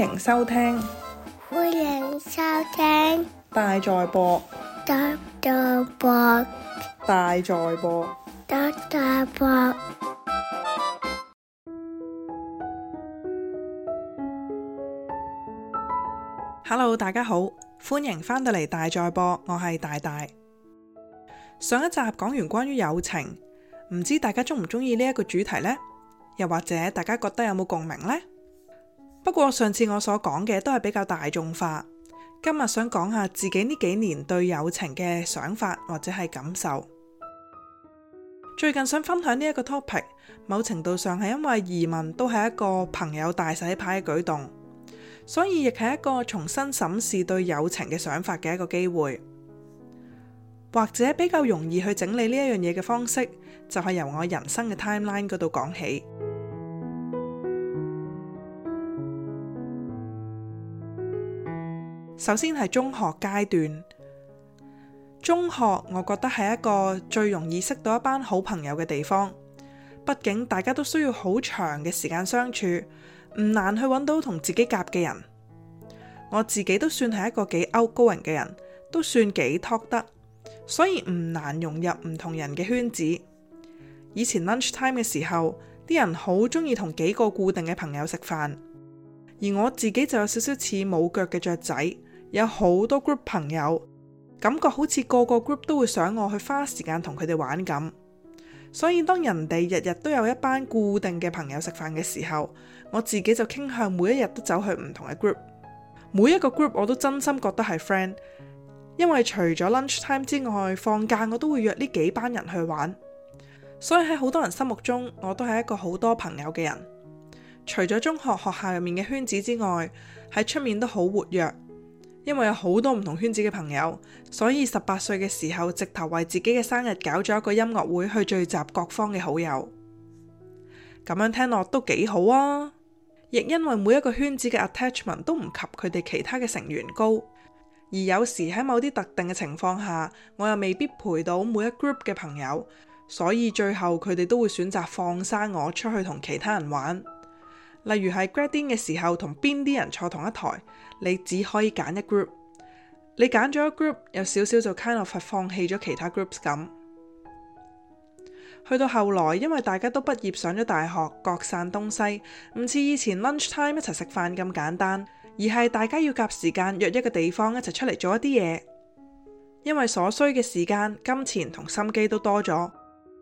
歡迎收聽，歡迎收聽大在播，大在播，Hello，大家好，歡迎返到嚟大在播，我係大大。上一集講完關於友情，唔知大家鍾唔鍾意呢一個主題呢？又或者大家覺得有冇共鳴呢？不過上次我所講嘅都係比較大眾化，今日想講下自己呢幾年對友情嘅想法或者係感受。最近想分享呢一個 topic，某程度上係因為移民都係一個朋友大洗牌嘅舉動，所以亦係一個重新審視對友情嘅想法嘅一個機會，或者比較容易去整理呢一樣嘢嘅方式，就係由我人生嘅 timeline 嗰度講起。首先係中學階段，中學我覺得係一個最容易識到一班好朋友嘅地方。畢竟大家都需要好長嘅時間相處，唔難去揾到同自己夾嘅人。我自己都算係一個幾 outgoing 嘅人，都算幾 talk 得，所以唔難融入唔同人嘅圈子。以前 lunch time 嘅時候，啲人好中意同幾個固定嘅朋友食飯，而我自己就有少少似冇腳嘅雀仔。有好多 group 朋友，感覺好似個個 group 都會想我去花時間同佢哋玩咁。所以當人哋日日都有一班固定嘅朋友食飯嘅時候，我自己就傾向每一日都走去唔同嘅 group。每一個 group 我都真心覺得係 friend，因為除咗 lunch time 之外，放假我都會約呢幾班人去玩。所以喺好多人心目中，我都係一個好多朋友嘅人。除咗中學學校入面嘅圈子之外，喺出面都好活躍。因為有好多唔同圈子嘅朋友，所以十八歲嘅時候，直頭為自己嘅生日搞咗一個音樂會去聚集各方嘅好友。咁樣聽落都幾好啊！亦因為每一個圈子嘅 attachment 都唔及佢哋其他嘅成員高，而有時喺某啲特定嘅情況下，我又未必陪到每一 group 嘅朋友，所以最後佢哋都會選擇放生我出去同其他人玩。例如係 grading 嘅時候，同邊啲人坐同一台？你只可以揀一 group，你揀咗一 group，有少少就 kind of 放棄咗其他 groups 咁。去到後來，因為大家都畢業上咗大學，各散東西，唔似以前 lunch time 一齊食飯咁簡單，而係大家要夾時間約一個地方一齊出嚟做一啲嘢，因為所需嘅時間、金錢同心機都多咗，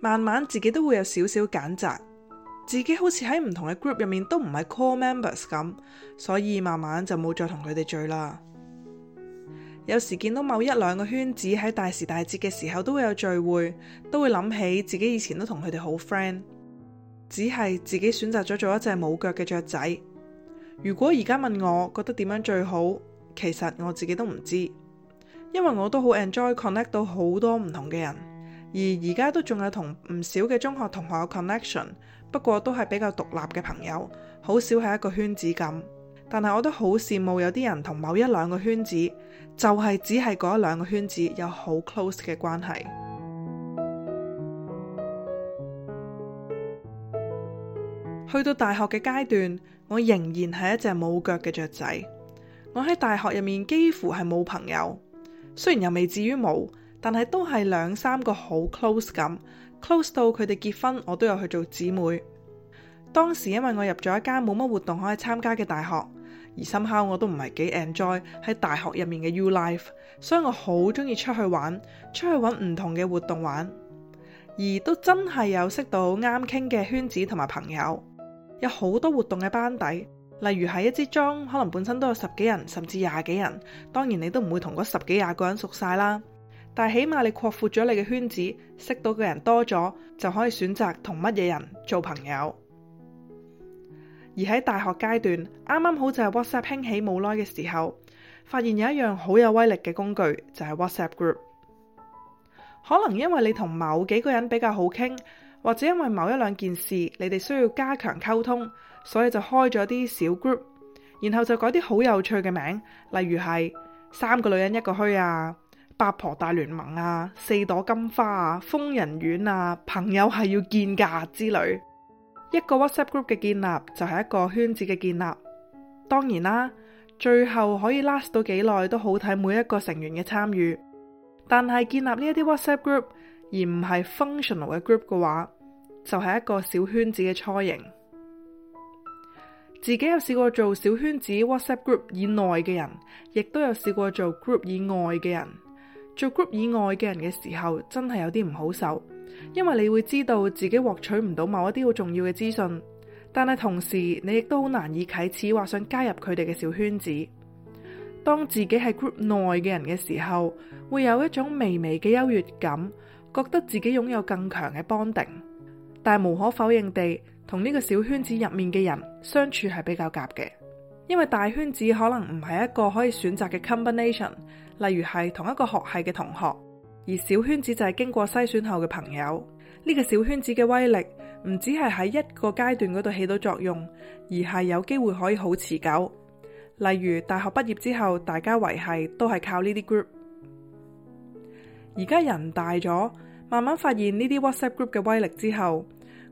慢慢自己都會有少少揀擇。自己好似喺唔同嘅 group 入面都唔係 call members 咁，所以慢慢就冇再同佢哋聚啦。有時見到某一兩個圈子喺大時大節嘅時候都會有聚會，都會諗起自己以前都同佢哋好 friend，只係自己選擇咗做一隻冇腳嘅雀仔。如果而家問我覺得點樣最好，其實我自己都唔知，因為我都好 enjoy connect 到好多唔同嘅人。而而家都仲有同唔少嘅中學同學有 connection，不過都係比較獨立嘅朋友，好少係一個圈子咁。但係我都好羨慕有啲人同某一兩個圈子，就係、是、只係嗰一兩個圈子有好 close 嘅關係。 去到大學嘅階段，我仍然係一隻冇腳嘅雀仔。我喺大學入面幾乎係冇朋友，雖然又未至於冇。但係都係兩三個好 close 咁，close 到佢哋結婚，我都有去做姊妹。當時因為我入咗一間冇乜活動可以參加嘅大學，而 somehow 我都唔係幾 enjoy 喺大學入面嘅 u life，所以我好中意出去玩，出去揾唔同嘅活動玩，而都真係有識到啱傾嘅圈子同埋朋友，有好多活動嘅班底，例如喺一支莊可能本身都有十幾人甚至廿幾人，當然你都唔會同嗰十幾廿個人熟晒啦。但係起碼你擴闊咗你嘅圈子，識到嘅人多咗，就可以選擇同乜嘢人做朋友。而喺大學階段，啱啱好就係 WhatsApp 興起冇耐嘅時候，發現有一樣好有威力嘅工具就係 WhatsApp group。可能因為你同某幾個人比較好傾，或者因為某一兩件事你哋需要加強溝通，所以就開咗啲小 group，然後就改啲好有趣嘅名，例如係三個女人一個墟啊。八婆大聯盟啊，四朵金花啊，瘋人院啊，朋友係要見噶之類。一個 WhatsApp group 嘅建立就係一個圈子嘅建立。當然啦，最後可以 last 到幾耐都好睇，每一個成員嘅參與。但係建立呢一啲 WhatsApp group 而唔係 functional 嘅 group 嘅話，就係一個小圈子嘅雛形。自己有試過做小圈子 WhatsApp group 以內嘅人，亦都有試過做 group 以外嘅人。做 group 以外嘅人嘅時候，真係有啲唔好受，因為你會知道自己獲取唔到某一啲好重要嘅資訊，但係同時你亦都好難以啟齒或想加入佢哋嘅小圈子。當自己係 group 內嘅人嘅時候，會有一種微微嘅優越感，覺得自己擁有更強嘅 bonding，但係無可否認地，同呢個小圈子入面嘅人相處係比較夾嘅，因為大圈子可能唔係一個可以選擇嘅 combination。例如係同一個學系嘅同學，而小圈子就係經過篩選後嘅朋友。呢個小圈子嘅威力唔只係喺一個階段嗰度起到作用，而係有機會可以好持久。例如大學畢業之後，大家維繫都係靠呢啲 group。而家人大咗，慢慢發現呢啲 WhatsApp group 嘅威力之後，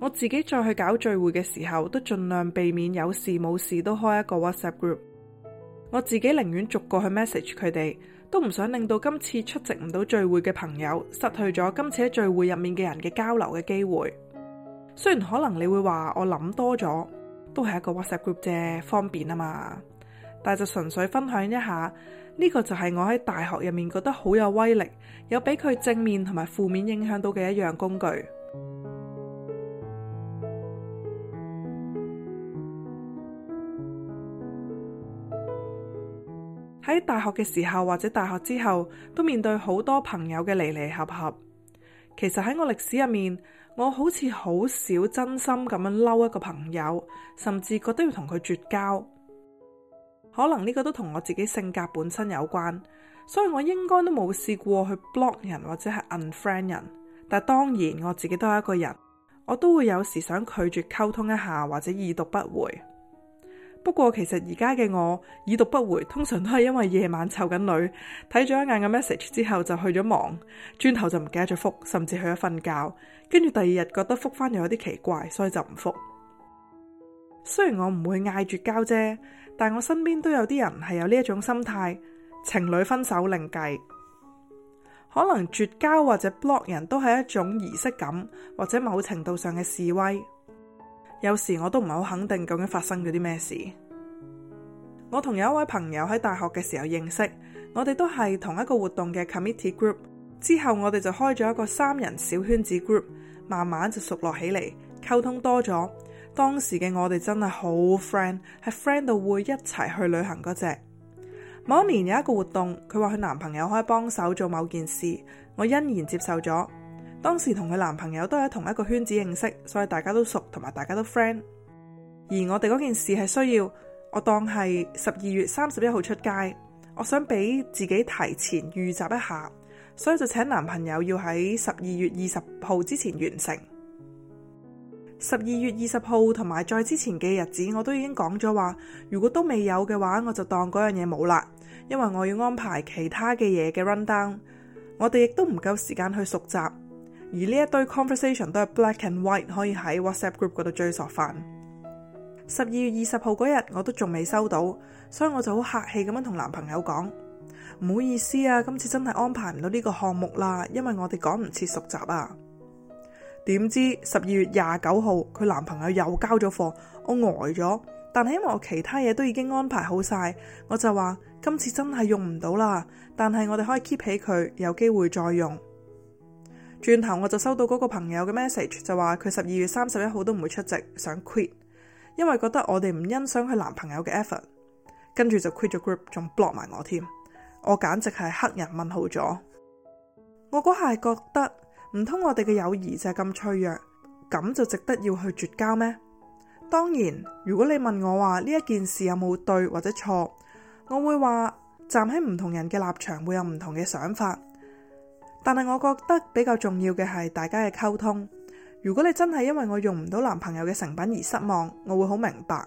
我自己再去搞聚會嘅時候，都盡量避免有事冇事都開一個 WhatsApp group。我自己寧願逐個去 message 佢哋。都唔想令到今次出席唔到聚會嘅朋友失去咗今次喺聚會入面嘅人嘅交流嘅機會。雖然可能你會話我諗多咗，都係一個 WhatsApp group 啫，方便啊嘛。但係就純粹分享一下，呢個就係我喺大學入面覺得好有威力，有俾佢正面同埋負面影響到嘅一樣工具。喺大學嘅時候或者大學之後，都面對好多朋友嘅離離合合。其實喺我歷史入面，我好似好少真心咁樣嬲一個朋友，甚至覺得要同佢絕交。可能呢個都同我自己性格本身有關，所以我應該都冇試過去 block 人或者係 unfriend 人。但係當然我自己都係一個人，我都會有時想拒絕溝通一下或者已讀不回。不過其實而家嘅我已讀不回，通常都係因為夜晚湊緊女，睇咗一眼嘅 message 之後就去咗忙，轉頭就唔記得咗覆，甚至去咗瞓覺，跟住第二日覺得覆翻又有啲奇怪，所以就唔覆。雖然我唔會嗌絕交啫，但我身邊都有啲人係有呢一種心態，情侶分手另計，可能絕交或者 block 人都係一種儀式感，或者某程度上嘅示威。.有時我都唔係好肯定究竟發生咗啲咩事。我同有一位朋友喺大學嘅時候認識，我哋都係同一個活動嘅 committee group。之後我哋就開咗一個三人小圈子 group，慢慢就熟絡起嚟，溝通多咗。當時嘅我哋真係好 friend，係 friend 到會一齊去旅行嗰隻。某年有一個活動，佢話佢男朋友可以幫手做某件事，我欣然接受咗。當時同佢男朋友都喺同一個圈子認識，所以大家都熟，同埋大家都 friend。而我哋嗰件事係需要我當係十二月三十一號出街，我想俾自己提前預習一下，所以就請男朋友要喺十二月二十號之前完成。十二月二十號同埋再之前嘅日子，我都已經講咗話，如果都未有嘅話，我就當嗰樣嘢冇啦，因為我要安排其他嘅嘢嘅 run down。我哋亦都唔夠時間去熟習。而呢一堆 conversation 都係 black and white，可以喺 WhatsApp group 嗰度追溯翻。十二月二十號嗰日，我都仲未收到，所以我就好客氣咁樣同男朋友講，唔好意思啊，今次真係安排唔到呢個項目啦，因為我哋趕唔切熟習啊。點知十二月廿九號佢男朋友又交咗貨，我呆咗，但希望我其他嘢都已經安排好晒，我就話今次真係用唔到啦，但係我哋可以 keep 起佢，有機會再用。轉頭我就收到嗰個朋友嘅 message，就話佢十二月三十一號都唔會出席，想 quit，因為覺得我哋唔欣賞佢男朋友嘅 effort，跟住就 quit 咗 group，仲 block 埋我添。我簡直係黑人問號咗。我嗰下係覺得唔通我哋嘅友誼就係咁脆弱，咁就值得要去絕交咩？當然，如果你問我話呢一件事有冇對或者錯，我會話站喺唔同人嘅立場會有唔同嘅想法。但係我覺得比較重要嘅係大家嘅溝通。如果你真係因為我用唔到男朋友嘅成品而失望，我會好明白。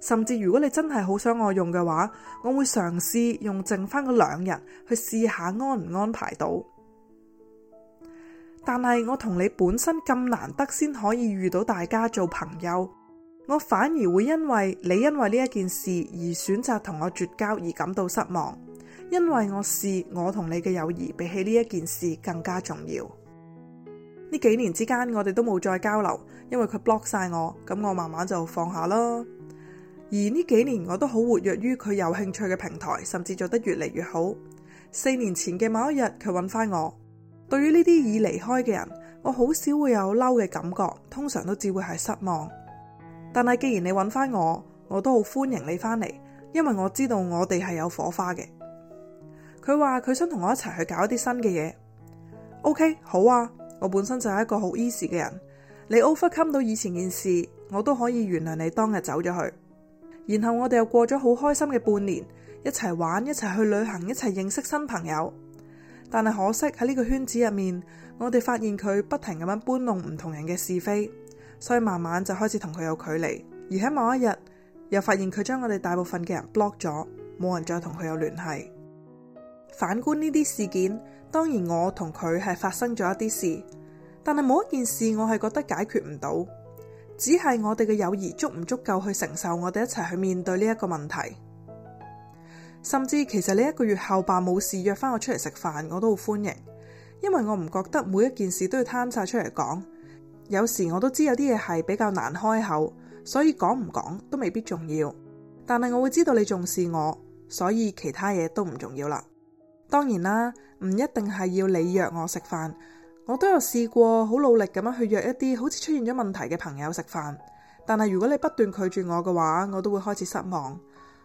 甚至如果你真係好想我用嘅話，我會嘗試用剩翻嗰兩日去試下安唔安排到。但係我同你本身咁難得先可以遇到大家做朋友，我反而會因為你因為呢一件事而選擇同我絕交而感到失望。因為我是我同你嘅友誼，比起呢一件事更加重要。呢幾年之間，我哋都冇再交流，因為佢 block 晒我，咁我慢慢就放下囉。而呢幾年，我都好活躍於佢有興趣嘅平台，甚至做得越嚟越好。四年前嘅某一日，佢揾翻我。對於呢啲已離開嘅人，我好少會有嬲嘅感覺，通常都只會係失望。但係，既然你揾翻我，我都好歡迎你翻嚟，因為我知道我哋係有火花嘅。佢話佢想同我一齊去搞一啲新嘅嘢。OK，好啊，我本身就係一個好 easy 嘅人。你 overcome 到以前件事，我都可以原諒你當日走咗去。然後我哋又過咗好開心嘅半年，一齊玩，一齊去旅行，一齊認識新朋友。但係可惜喺呢個圈子入面，我哋發現佢不停咁樣搬弄唔同人嘅是非，所以慢慢就開始同佢有距離。而喺某一日，又發現佢將我哋大部分嘅人 block 咗，冇人再同佢有聯繫。反觀呢啲事件，當然我同佢係發生咗一啲事，但係冇一件事我係覺得解決唔到，只係我哋嘅友誼足唔足夠去承受我哋一齊去面對呢一個問題。甚至其實呢一個月後吧，冇事約返我出嚟食飯，我都好歡迎，因為我唔覺得每一件事都要攤晒出嚟講。有時我都知有啲嘢係比較難開口，所以講唔講都未必重要。但係我會知道你重視我，所以其他嘢都唔重要啦。當然啦，唔一定係要你約我食飯，我都有試過好努力咁樣去約一啲好似出現咗問題嘅朋友食飯。但係如果你不斷拒絕我嘅話，我都會開始失望，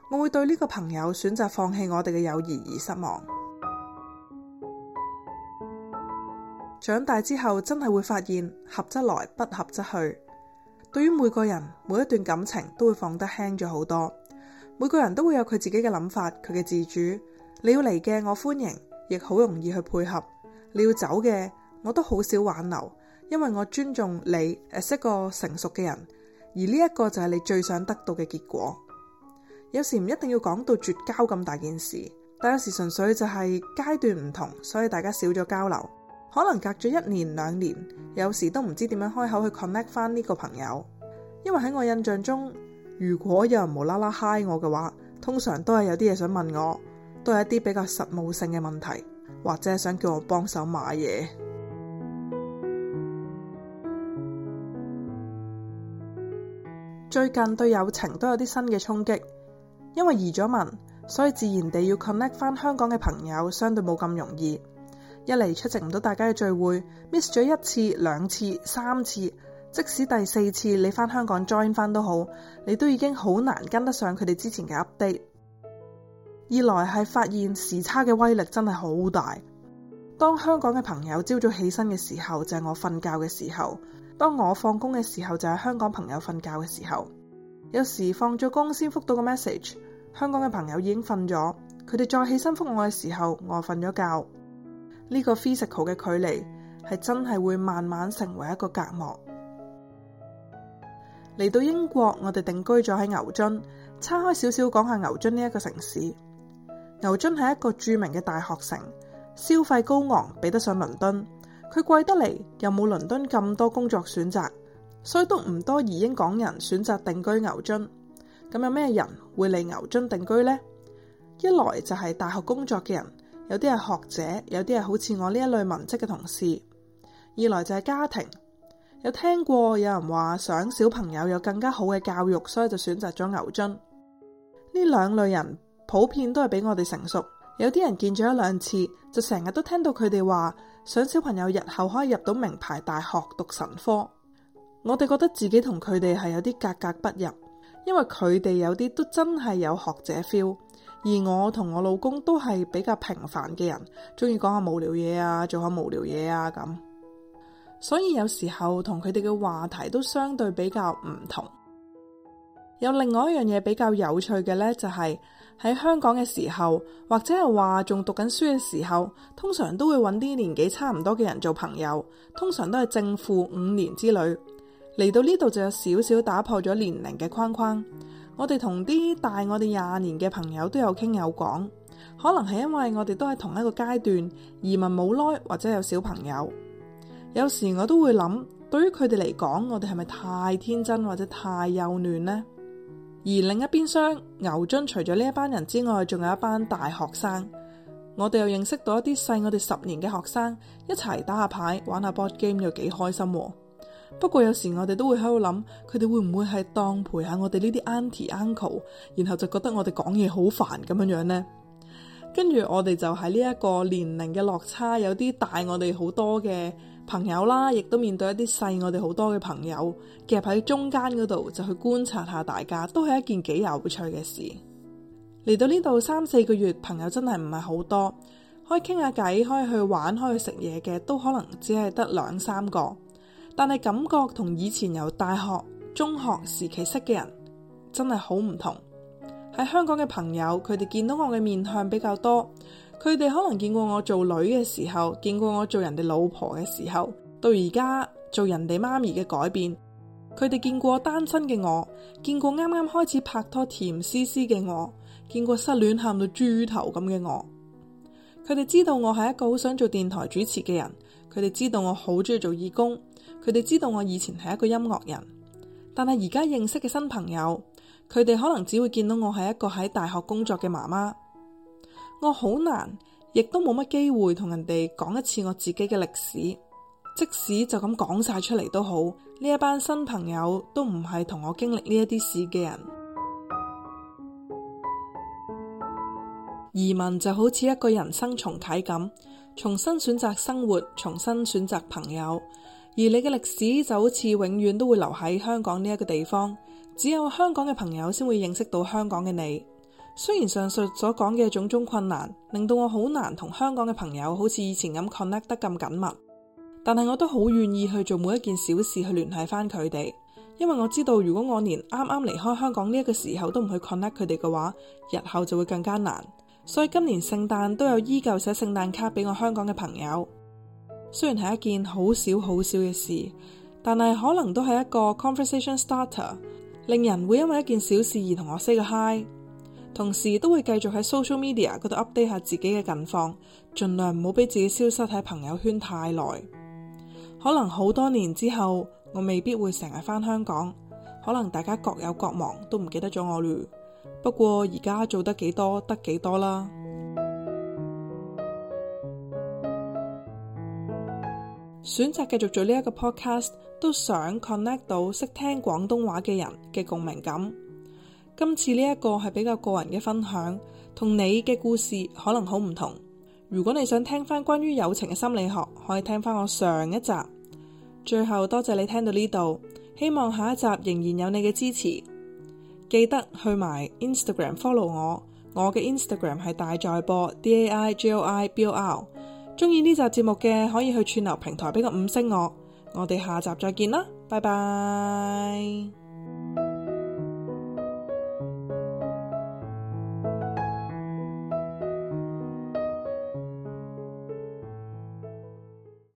我會對呢個朋友選擇放棄我哋嘅友誼而失望。長大之後，真係會發現合則來，不合則去。對於每個人，每一段感情，都會放得輕咗好多。每個人都會有佢自己嘅諗法，佢嘅自主。你要嚟嘅，我歡迎，亦好容易去配合。你要走嘅，我都好少挽留，因為我尊重你，誒，識個成熟嘅人。而呢一個就係你最想得到嘅結果。有時唔一定要講到絕交咁大件事，但有時純粹就係階段唔同，所以大家少咗交流，可能隔咗一年兩年，有時都唔知點樣開口去 connect 翻呢個朋友。因為喺我印象中，如果有人無啦啦嗨我嘅話，通常都係有啲嘢想問我。都係一啲比較實務性嘅問題，或者係想叫我幫手買嘢。 最近對友情都有啲新嘅衝擊，因為移咗民，所以自然地要 connect 翻香港嘅朋友，相對冇咁容易。一嚟出席唔到大家嘅聚會，miss 咗一次、兩次、三次，即使第四次你翻香港 join 翻都好，你都已經好難跟得上佢哋之前嘅 update。二來係發現時差嘅威力真係好大。當香港嘅朋友朝早起身嘅時候，就係、是、我瞓覺嘅時候；當我放工嘅時候，就係、是、香港朋友瞓覺嘅時候。有時放咗工先覆到個 message，香港嘅朋友已經瞓咗，佢哋再起身覆我嘅時候，我瞓咗覺。呢、這個 physical 嘅距離係真係會慢慢成為一個隔膜。嚟到英國，我哋定居咗喺牛津，差開少少講下牛津呢一個城市。牛津係一個著名嘅大學城，消費高昂，比得上倫敦。佢貴得嚟，又冇倫敦咁多工作選擇，所以都唔多移英港人選擇定居牛津。咁有咩人會嚟牛津定居呢？一來就係大學工作嘅人，有啲係學者，有啲係好似我呢一類文職嘅同事；二來就係家庭，有聽過有人話想小朋友有更加好嘅教育，所以就選擇咗牛津。呢兩類人。普遍都係比我哋成熟，有啲人見咗一兩次，就成日都聽到佢哋話想小朋友日後可以入到名牌大學讀神科。我哋覺得自己同佢哋係有啲格格不入，因為佢哋有啲都真係有學者 feel，而我同我老公都係比較平凡嘅人，中意講下無聊嘢啊，做下無聊嘢啊咁。所以有時候同佢哋嘅話題都相對比較唔同。有另外一樣嘢比較有趣嘅，呢，就係喺香港嘅時候，或者係話仲讀緊書嘅時候，通常都會揾啲年紀差唔多嘅人做朋友，通常都係正負五年之類。嚟到呢度就有少少打破咗年齡嘅框框。我哋同啲大我哋廿年嘅朋友都有傾有講，可能係因為我哋都係同一個階段移民冇耐或者有小朋友，有時我都會諗，對於佢哋嚟講，我哋係咪太天真或者太幼嫩呢？而另一邊廂牛津，除咗呢一班人之外，仲有一班大學生。我哋又認識到一啲細我哋十年嘅學生，一齊打下牌，玩下 board game，又幾開心啊。不過有時我哋都會喺度諗，佢哋會唔會係當陪下我哋呢啲 auntie uncle，然後就覺得我哋講嘢好煩咁樣樣呢？跟住我哋就喺呢一個年齡嘅落差有啲大我哋好多嘅朋友啦，亦都面對一啲細我哋好多嘅朋友夾喺中間嗰度，就去觀察下大家，都係一件幾有趣嘅事。嚟到呢度三四個月，朋友真係唔係好多，可以傾下偈，可以去玩，可以食嘢嘅，都可能只係得兩三個。但係感覺同以前由大學、中學時期識嘅人真係好唔同。喺香港嘅朋友，佢哋見到我嘅面向比較多。佢哋可能見過我做女嘅時候，見過我做人哋老婆嘅時候，到而家做人哋媽咪嘅改變。佢哋見過單身嘅我，見過啱啱開始拍拖甜絲絲嘅我，見過失戀喊到豬頭咁嘅我。佢哋知道我係一個好想做電台主持嘅人，佢哋知道我好中意做義工，佢哋知道我以前係一個音樂人，但係而家認識嘅新朋友，佢哋可能只會見到我係一個喺大學工作嘅媽媽。我好難，亦都冇乜機會同人哋講一次我自己嘅歷史，即使就咁講晒出嚟都好，呢一班新朋友都唔係同我經歷呢一啲事嘅人。 移民就好似一個人生重啟咁，重新選擇生活，重新選擇朋友，而你嘅歷史就好似永遠都會留喺香港呢一個地方，只有香港嘅朋友先會認識到香港嘅你。雖然上述所講嘅種種困難，令到我好難同香港嘅朋友好似以前咁 connect 得咁緊密，但係我都好願意去做每一件小事去聯繫翻佢哋，因為我知道如果我連啱啱離開香港呢一個時候都唔去 connect 佢哋嘅話，日後就會更加難。所以今年聖誕都有依舊寫聖誕卡俾我香港嘅朋友，雖然係一件好少好少嘅事，但係可能都係一個 conversation starter，令人會因為一件小事而同我 say 個 hi。同時都會繼續喺 social media 嗰度 update 下自己嘅近況，盡量唔好俾自己消失喺朋友圈太耐。可能好多年之後，我未必會成日返香港，可能大家各有各忙，都唔記得咗我嘞。不過而家做得幾多得幾多啦。選擇繼續做呢一個 podcast，都想 connect 到識聽廣東話嘅人嘅共鳴感。今次呢一個係比較個人嘅分享，同你嘅故事可能好唔同。如果你想聽翻關於友情嘅心理學，可以聽翻我上一集。最後多謝你聽到呢度，希望下一集仍然有你嘅支持。記得去埋 Instagram follow 我，我嘅 Instagram 係大在播 D A I J O I B O R。中意呢集節目嘅可以去串流平台俾個五星我。我哋下集再見啦，拜拜。